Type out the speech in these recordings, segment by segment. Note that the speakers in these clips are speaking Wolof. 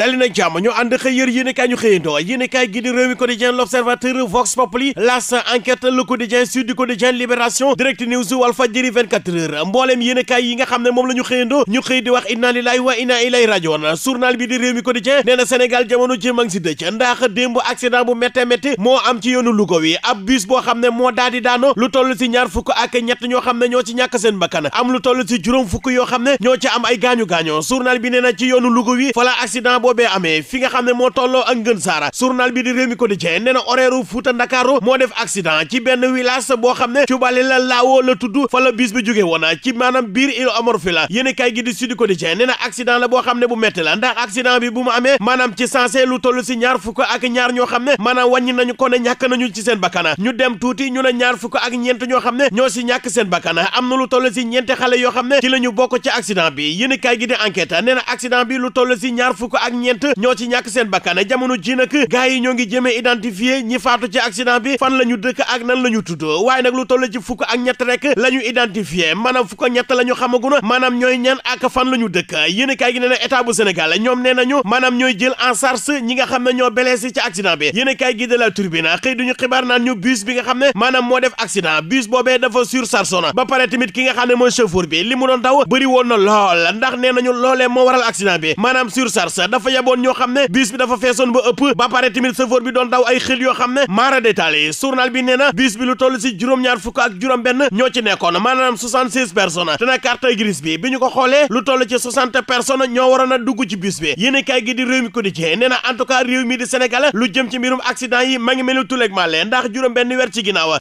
dali na jàmm ñu ànd xëy yër yéen i kaay ñu xëyandoo yéen i kaay di Rewmi L'Observateur Vox Populi L'As Enquête Le Quotidien Sud Quotidien Libération Direct News Walfadjri 24 heures mbooleem yéen i kaay yi nga xam ne moom la ñu xëyandoo ñu xëy di wax inna lillahi wa inna ilayhi rajiun journal bi di Rewmi Quotidien nee na Sénégal jamono ji ma ngi si dëcc ndax démb accident bu métte métti moo am ci yoonu Louga wi ab bus boo xam ne moo daal di daano lu toll si ñaar fukk ak ñett ñoo xam ne ñoo ci ñàkk seen bakkan am lu toll si juróom fukk yoo xam ne ñoo am ay gaañu gaañoo journal bi nee na ci yoonu Louga wi fa boobee amee fi nga xam ne moo tolloo ak ngën saara journal bi di ko mi quotidien ne na horaire Fuuta Ndakaaru moo def accident ci benn village boo xam ne cubali la laawoo la tudd fa la bis bi jóge woon ci maanaam biir Île à Morphée la yéen kay gi di ko Sud Quotidien ne na accident la boo xam ne bu metti la ndax accident bi bu mu amee maanam ci sensé lu toll si ñaar fukk ak ñaar ñoo xam ne maanam wàññi nañu ko ne ñàkk nañu ci seen bakkana ñu dem tuuti ñu ne ñaar fukk ak ñeent ñoo xam ne ñoo si ñàkk seen bakkana am na lu toll si ñeenti xale yoo xam ne ci la ñu ci accident bi yéen gi di enquête nee na accident bi lu toll si ñaar ak ñeent ñoo ci ñàkk seen bakkan jamono ji nag gars yi ñoo ngi jëmee identifier ñi faatu ci accident bi fan la ñu dëkk ak nan la ñu tudd waaye nag lu toll ci fukk ñett rek la ñu identifier maanaam fukk ak ñett la ñu xamaguna maanaam ñooy ñan ak la ñu dëkk yéen kaay gi nee na état bu ñoom nee nañu maanaam ñooy jël en charge ñi nga xam ne ñoo blessé ci accident bi yéen kaay gi de la turbine xëy duñu xibaar naan ñu bus bi nga xam ne maanaam moo def accident bus boobee dafa surchargé ba pare tamit ki nga xam ne mooy chauffeur bi li mu doon daw bëri woon na lool ndax nee nañu loolee moo waral accident bi maanaam surcharge dafa yeboon ñoo xam ne bus bi dafa feesoon ba ëpp ba pare tamit bi doon daw ay xel yoo xam ne maara détaillé journal bi nee na bus bi lu toll si juróom-ñaar fukk ak juróom benn ñoo ci nekkoon maanaam 76 personnes te na carte grise bi bi ñu ko xoolee lu toll ci 60 personnes ñoo waroon a dugg ci bus bi yéen kaay gi di réew mi ko di jee nee na en tout réew mi di Sénégal lu jëm ci mbirum accident yi ma melu tuleeg ndax juróom benn weer ci ginnaaw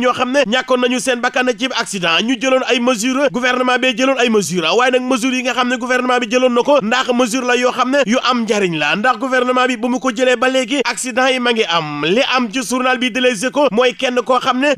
ñoo xam ne ñàkkoon nañu seen bakkan ci accident ñu jëloon ay mesures gouvernement bi jëloon ay mesures waaye nag mesures yi sax mesure la koo xam ne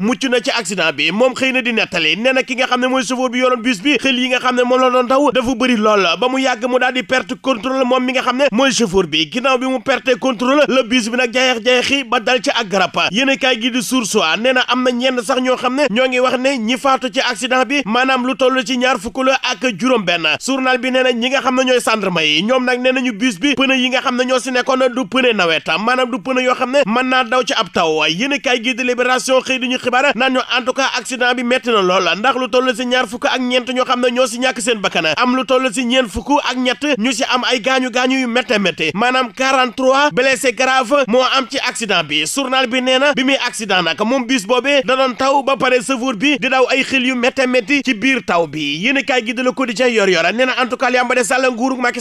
moom mu yàgg mu daal di perte contrôle moom mi nga xam ne mooy chauffeur bi ginnaaw bi mu perte contrôle la bus bi nag jayeex-jayeexi ba dal ci ak garab yéen kaay gi di Source A am na ñenn sax ñoo xam ne ñoo ngi wax ne ñi faatu ci accident bi maanaam lu toll ci ñaar fukk ak juróom benn journal bi nee ñi nga xam ne ñooy sàndarma gendarme yi ñoom nag nee nañu bus bi pneu yi nga xam ne ñoo si nekkoon du pneu nawet maanaam du pneu yoo xam ne mën naa daw ci ab taw yéen kaay gi di libération xëy di ñu xibaar naan ñu en tout cas accident bi metti na lool ndax lu toll si ñaar fukk ak ñeent ñoo xam ne ñoo si ñàkk seen bakkan am lu toll si ñeent fukk ak ñett ñu si am ay gaañu gaañu yu métte métte maanaam 43 blessé grave moo am ci accident bi journal bi nee na bi muy accident nag moom bus boobee da doon taw ba pare secours bi di daw ay xil yu métte métti ci bi yéen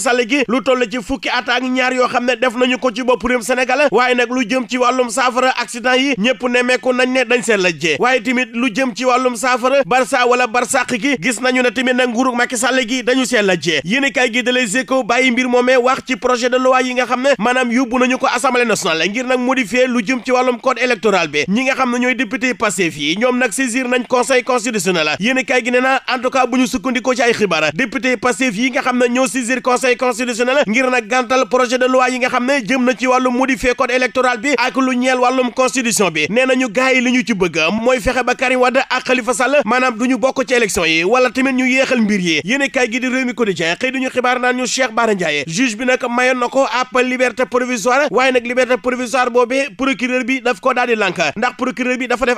Sall gi lu toll ci fukki at ñaar yoo xam ne def nañu ko ci bopp réewum Sénégal waaye nag lu jëm ci wàllum saafara accident yi ñëpp nemmeeku nañ ne dañ seen la jee waaye tamit lu jëm ci wàllum saafara barça wala barsàq gi gis nañu ne tamit nag nguurug Macky Sall gi dañu seen la jee yéen i kaay gi da Les Échos bàyyi mbir moomee wax ci projet de loi yi nga xam ne maanaam yóbbu nañu ko assemblée nationale ngir nag modifier lu jëm ci wàllum code électoral bi ñooy député Pastef yi ñoom nag saisir gi nee na en tout cas bu ñu conseil constitutionnel ngir nag gàntal projet de loi yi nga xam ne jëm na ci wàllum modifier code électoral bi ak lu ñeel wàllum constitution bi nee nañu gars li ñu ci bëgg mooy fexe ba Karim Wade ak Khalifa Sall du ñu bokk ci élection yi wala tamit ñu yéexal mbir yi yéen kay gi di Rewmi Quotidien xëy duñu xibaar naan ñu Cheikh bi nag mayoon na ko ab liberté provisoire waaye nag liberté provisoire boobee procureur bi daf ko daal di ndax procureur bi dafa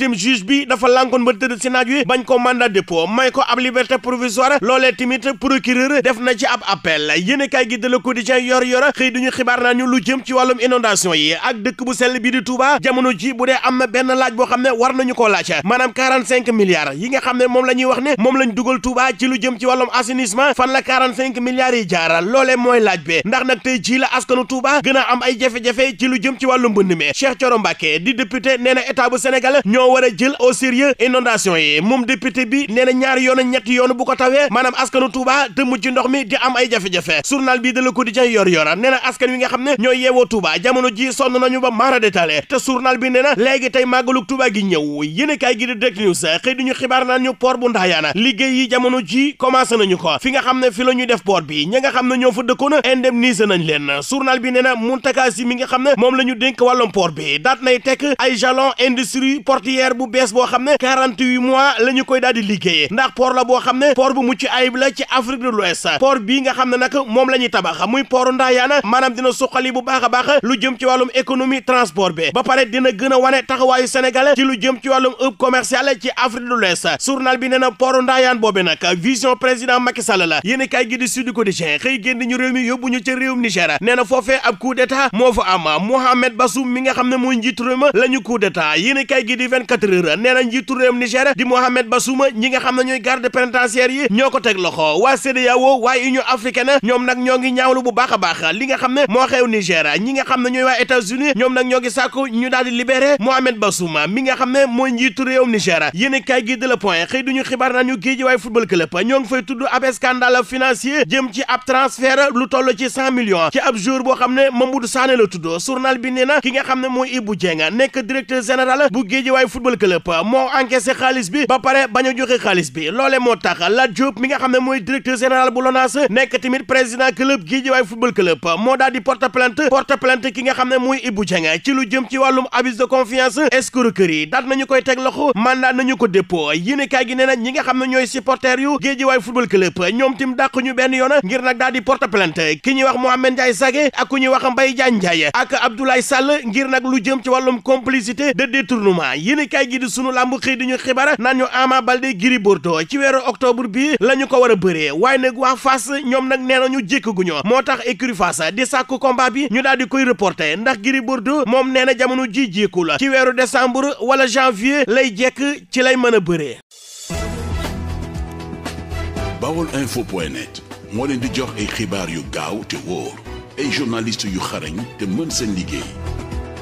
digganteem juge bi dafa lànkoon ba tëdd si naaj wi bañ ko mandat dépôt may ko ab liberté provisoire loolee tamit procureur def na ci ab appel yéen kay gi de Le Quotidien yor yor xëy duñu xibaar naa ñu lu jëm ci wàllum inondation yi ak dëkk bu sell bii di Touba jamono ji bu dee am na benn laaj boo xam ne war nañu ko laaj maanaam 45 milliards yi nga xam ne moom la ñuy wax ne moom lañ dugal Touba ci lu jëm ci wàllum assainissement fan la 45 milliards yi jaara loolee mooy laaj bi ndax nag tey jii la askanu Touba gën a am ay jafe ci lu jëm ci wàllum mbënd mi Cheikh Thioro Mbacké di député nee na état bu Sénégal ñoo dañoo war a jël au sérieux inondation yi moom député bi nee na ñaari ñetti yoon bu ko tawee maanaam askanu Touba dëmm ci ndox mi di am ay jafe-jafe journal bii de Le Quotidien yor yora nee na askan wi nga xam ne ñoo yeewoo Touba jamono ji sonn nañu ba mara détaillé te journal bi nee na léegi tey màggalug Touba gi ñëw yéen kaay gi di Direct News xëy duñu xibaar naan ñu port bu Ndayane liggéey yi jamono ji commencé nañu ko fi nga xam ne fi la ñuy def port bi ñi nga xam ne ñoo fa dëkkoon indemniser nañ leen journal mi nga xam ne moom la ñu dénk wàllum port bi daat nay tekk carrière bu bees bu mucc ayib la ci Afrique dina suqali bu baax a baax ci a wane lu jëm ci wàllum hub commercial ci Afrique de l'Ouest journal bi nee na port Ndayane boobe nag vision président Macky Sall la yéen kay gi di Sud Quotidien xëy génn ñu réew mi yóbbu ñu ca réewum Niger nee na foofee ab coup d'état moo fa am Mohamed Bazoum mi nga xam ne mooy njiitu réew ma la ñu coup d'état yéen kay gi di 24 heures nee na di Mohamed Bassouma ñi nga xam ne ñooy garde pénitentiaire yi ñoo ko teg loxo waa CEDEAO waa Union africaine ñoom nag ñoo ngi ñaawlu bu baax a li nga xam ne moo xew Niger ñi nga xam ne ñooy waa états ñoom nag ñoo ngi sàkku ñu daal di Mohamed Bassouma mi nga xam ne mooy njiitu réewum Niger yéen kaay gi de la point xëy xibaar naan ñu Guédiawaye football club ñoo ngi fay tudd ab scandale financier football club moo encaissé xaalis bi ba pare bañ a joxe xaalis bi loole moo tax Lat Diop mi nga xam ne mooy directeur général bu LONASE nekk tamit président club Guédiawaye football club moo daal di porte plainte porte plainte ki nga xam ne mooy Ibou Dieng ci lu jëm ci wàllum abus de confiance escroquerie daat nañu koy teg loxo mandat nañu ko dépôt yéenekaay gi nee na ñi nga xam ne ñooy supporters yu Guédiawaye football club ñoom tim dàq ñu benn yoon ngir nag daal di porte plainte ki nag lu jëm ci wàllum complicité de détournement yéenekaay gi di sunu làmb xëy di ñu ñu Ama Baldé Gris Bordeaux ci weeru octobre bi la ñu ko war a bëree waaye nag waa ñoom nag nee nañu jékkaguñu moo tax écurie Fass di sàkku combat bi ñu daal di koy reporté ndax Gris Bordeaux moom nee na jamono ji jékku la ci weeru décembre wala janvier lay jekk ci lay mën a bëree. Baol moo leen di jox ay xibaar yu gaaw te wóor ay journaliste yu xarañ te mën seen liggéey.